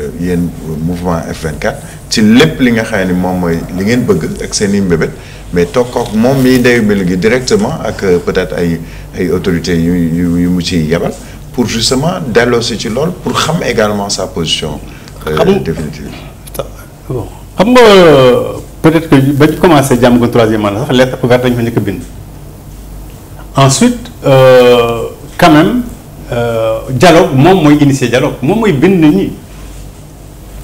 Euh, yéen mouvement F24 ci lépp li nga xam ni moom mooy li ngeen bëgg ak seen i mbébét mais toog kook moom mii ndeyu mbir gi directement ak euh, peut-être ay ay autorités yu yu yu mu ci yebal pour justement delloosi ci lool pour xam également sa position. Euh, définitive bon xam nga euh, peut-être que ba ñu commencé jàmm ko troisième mandat sax lettre ouverte dañu fa njëkk a bind. ensuite euh, quand même euh, dialogue moom mooy initier dialogue moom mooy bind nit ñi.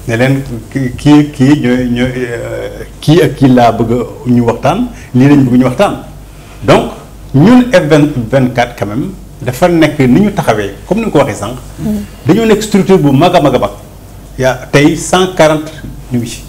ne leen kii kii ñooy euh, kii ak kii laa bëgg ñu waxtaan lii lañ bëgg ñu waxtaan donc ñun F24 quand même dafa nekk ni ñu taxawee comme ni nga ko waxee sànq. Mm-hmm. dañoo nekk structure bu mag a mag a mag yaa tey cent quarante ñu ngi ci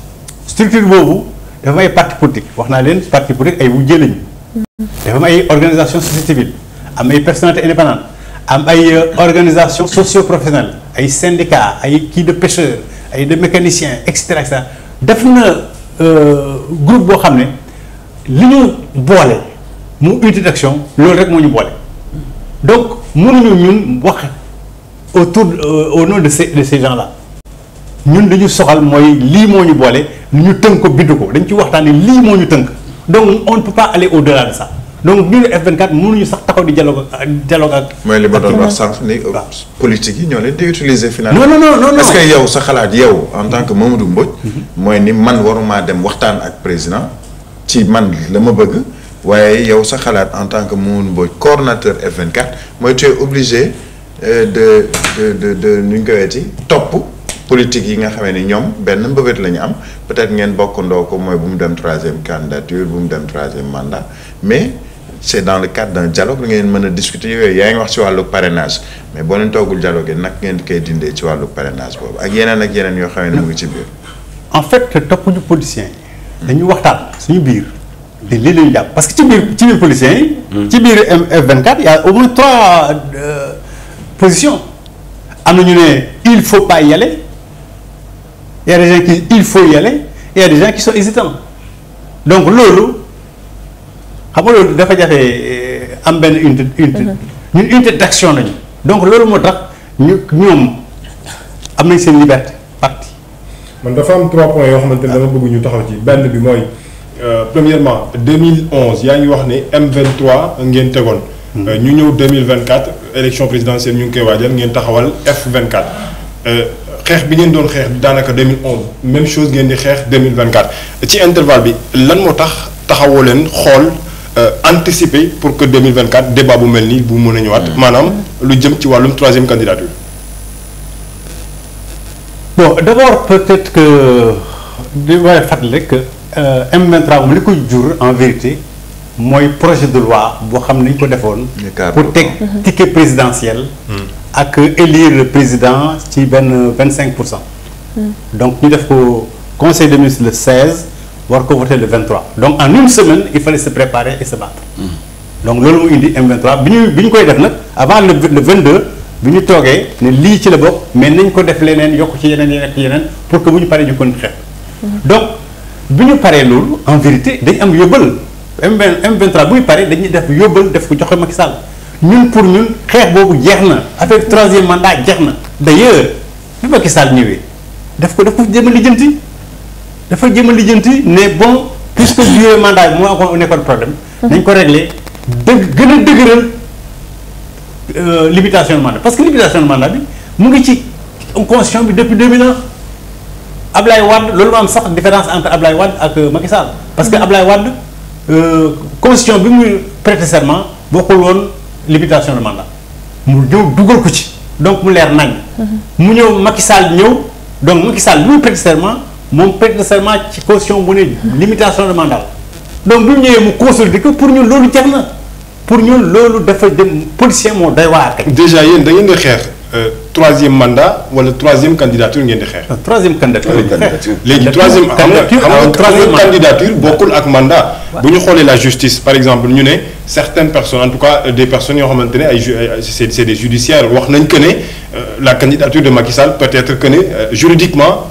structure boobu dafa am ay parti politique wax naa leen parti politique ay wujje lañu mm-hmm. dafa am ay organisation société civile am ay personnalité indépendante am ay euh, organisation socio professionnelle ay syndicat ay kii de pêcheurs ay de mécaniciens et cetera et cetera def na euh, groupe boo xam ne li ñu boole mu unité d'action loolu rek moo ñu boole donc mënuñu ñun wax autour euh, au nom de ces de ces gens ñun dañu soxal mooy lii moo ñu boole ñu tënk ko bind ko dañ ci waxtaan waxtaanee lii moo ñu tënk donc on ne peut pas aller au de ça. donc ñun F24 mënuñu sax taxaw di dialogue ak dialogue mooy li ma doon wax sànq ni euh, politique yi ñoo leen di utiliser. finalement non non non non est-ce que yow sa xalaat yow en tant que mm-hmm. Mamadou Mbodj. Mm-hmm. mooy ni man waruma dem waxtaan ak président ci man la ma bëgg. waaye yow sa xalaat en tant que Mamadou Mbodj coordonnateur F24 mooy tu es obligé euh, de de de de nu ñu koy weeti topp politique yi nga xamee ni ñoom benn mbëbët la ñu am peut-être ngeen bokkandoo ko mooy bu mu dem troisième candidature bu mu dem troisième mandat mais. c' est dans le cadre d'un dialogue la ngeen mën a discuter yooyu yaa ngi wax ci wàllu parrainage mais boo leen toogul dialogue yi nag ngeen koy dindee ci wàllu parrainage boobu ak yeneen ak yeneen yoo xam ne mu ngi ci biir. en fait toppuñu politiciens yi. dañuy waxtaan suñu biir. te lii lañu jàpp parce que ci biir ci biir politiciens yi. Hmm. ci biir F24 y' a au moins trois euh, positions. am na ñu ne il faut pas y aller des gens qui il faut y aller y' a des gens qui sont hésitants donc loolu. xam nga loolu dafa jafe eh, am benn unité unité mhm. ñun unité d'action lañu donc loolu moo tax ñu ñoom am nañ seen liberté parti man dafa am trois points yoo xamante ne dama bëgg ñu taxaw ci benn bi mooy euh, premièrement 2011 yaa ngi wax ni M23 ngeen tegoon. Mhm. Euh, ñu ñëw 2024 élection présidentielle ñu ngi koy waajal ngeen taxawal F24. Euh, xeex bi ngeen doon xeex daanaka 2011 même chose ngeen di xeex 2024 ci intervalle bi lan moo tax taxawoo leen xool. Euh, anticiper pour que 2024 débat bu mel ni bu mu a ñëwaat. Mm. maanaam lu jëm ci wàllum troisième candidature. bon d' abord peut-être que di waaye fàttali rek euh, M23 li ko jur en vérité mooy projet de loi boo xam ne ko defoon. pour teg mm-hmm. ticket présidentiel. Mm. ak élire le président ci benn vingt cinq pour cent. Mm. donc ñu def ko conseil des ministres le war ko voté le 23 donc en une semaine il fallait se préparer et se battre. Hmm. donc loolu mu indi M23 bi ñu bi ñu koy def nag avant le le 22 bi ñu toogee ne lii ci la bokk mais nañ ko def leneen yokk ci yeneen yeneen ak yeneen pour que bu ñu paree ñu kon xeex. Hmm. donc bi ñu paree loolu en vérité dañ am yóbbal M M23 bu paree dañuy def yóbbal def ko joxe Macky Sall ñun pour ñun xeex boobu jeex na affaire troisième mandat jeex na. d' ailleurs bi Macky Sall ñëwee daf ko daf ko jéem a dafa jëm a lijjanti ne bon puisque durée mandat bi moo amoon nekkoon problème. nañ ko réglé dëgg gën a dëgëral euh, limitation de mandat parce que limitation de mandat bi mu ngi ci constitution bi depuis de 2001 Ablaye Wade loolu moo am sax différence entre Ablaye Wade ak euh, Macky Sall parce que mm-hmm. Ablaye Wade euh, constitution bi muy prêter serment bokkul woon limitation de mandat mu ñëw dugal ko ci donc mu leer nañ. Mm-hmm. mu ñëw Macky ñëw donc Macky Sall muy prêter moom prête serment ci caution bu ne limitation de mandat donc bu ñu ñëwee mu consolidé que pour ñun loolu jeex na pour ñun loolu dafa dem policier moo day waar kay. déjà yéen da ngeen di xeex euh, troisième mandat wala troisième candidature ngeen di xeex. Ah, troisième candidature léegi troisième xam nga troisième candidature bokkul ak mandat. bu ñu xoolee la justice par exemple ñu ne certaines personnes en tout cas euh, des personnes yoo xamante ne ay ju euh, c'est des judiciaires wax nañ que ne la candidature de Macky peut être que ne juridiquement.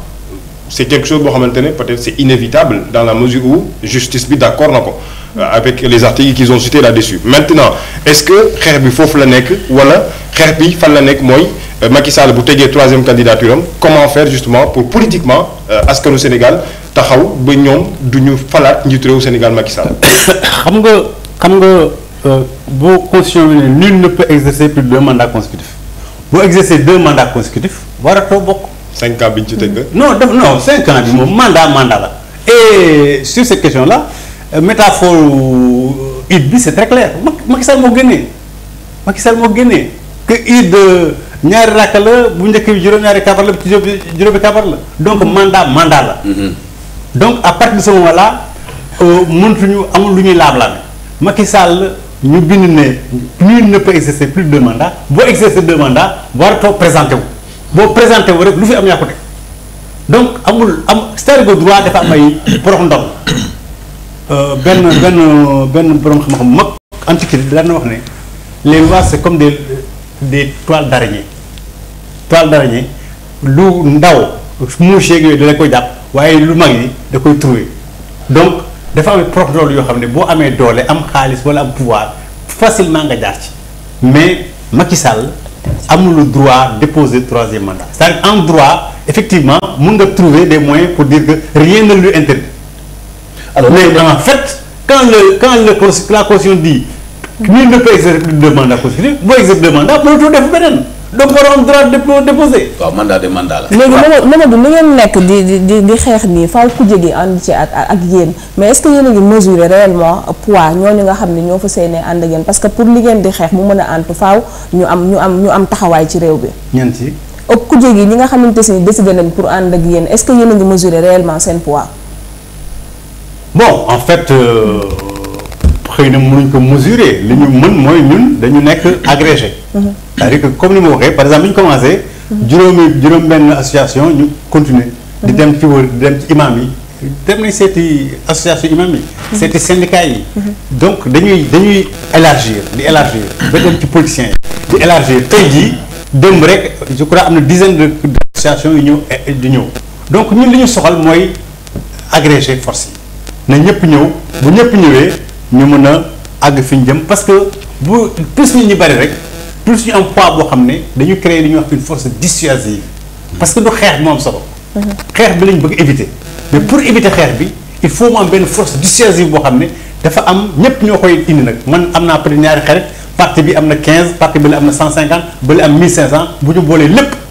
c'est quelque chose boo xamante ne peut-être c'est inévitable dans la mesure où justice bi d'accord na ko euh, avec les articles qu'ils ont cités là-dessus maintenant est-ce que xeex bi foofu la nekk wala xeex bi fan la nekk mooy euh, Macky Sall bu tegee troisième candidature am comment faire justement pour politiquement euh, askanu Sénégal taxaw ba ñoom du ñu falaat njiitu Sénégal Macky Sall. xam nga xam nga boo constitution bi ne nul ne peut exercer plus de deux mandats consécutifs boo exercer deux mandats consécutifs waratoo bokk. cinq ans bi ñu ci tëgg. non def non cinq ans bi moom mandat mandat la et sur cette question là euh, métaphore euh, id bi c'est très clair Macky Sall moo génnee Macky moo génnee que id euh, ñaari rakk la bu njëkk bi juróom-ñaari kabar la bu ci juróomi kabar la donc mm-hmm. mandat mandat la. Mm-hmm. donc à partir de ce moment là mënatuñu amul lu ñuy laablaame Macky Sall ñu bind ne nul ne peut plus de deux boo exercer deux mandats war a toog présenté wu. boo présenté wu rek lu fi am yaa ko donc amul am c'est-à-dire que droit dafa am ay porox ndol euh, benn benn benn borom xam-xam mag antiquité daan na wax ne les lois c'est comme des toile toiles d'araignée toile d'araignée lu ndaw mouche yeeg yooyu dala koy jàpp waaye lu mag yi da koy trouver donc dafa am porox ndol yoo xam ne boo amee doole am xaalis wala am pouvoir facilement nga jaar ci mais Macky amul le droit déposer troisième mandat c'est-à-dire en droit effectivement mun nga trouver des moyens pour dire que rien ne lui interdit alors mais en fait quand le quand le la constitution dit nul ne peut exercer plus de mandat consécutif boo exercer deux mandats mënatoo def da nga war am droit de déposé. waaw mandat de mandat la. léegi Mamadou ni nekk di di xeex nii faaw kuje gi ànd ci ak ak yéen mais est ce que yéen a ngi mesurer réellement nga xam ne ñoo fa seenee ànd ak yéen parce que pour li ngeen di xeex mu mën a ànd faaw ñu am ñu am taxawaay ci réew bi. ñeent yi. ak kuje gi ñi nga xamante ne décidé nañ pour ànd ak yéen est ce que yéen a ngi mesurer réellement seen poids. bon en fait. Euh, xëy na mënuñ ko mesurer li ñu mën mooy ñun dañu nekk agrégé mhm. cest à que comme ni ma waxee par exemple bi ñu commencé mhm. juróomi juróom benn association ñu continuer di mhm. dem ci wër di dem ci imam yi dem nañ seeti association imam yi seeti syndicat yi donc dañuy dañuy élargir di élargir ba dem ci politiciens yi di élargir tey jii démb rek je am na dizaine de associations yi ñëw eh, eh, di ñëw donc ñun li ñu soxal mooy agrégé force yi na ñëpp ñëw bu ñëpp ñëwee ñu mën a àgg fi ñu jëm parce que bu plus nit ñu bari rek plus ñu am poids boo xam ne dañu créer li ñuy une force dissuasive parce que du xeex bi moo am solo xeex bi lañ bëgg éviter mais pour éviter xeex bi il faut mu benn force dissuasive boo xam ne dafa am ñépp ñoo koy indi nag man am naa peut ñaari xarit parti bi am na 15 parti bi la am na 150 ba la am 1500 bu ñu boolee lépp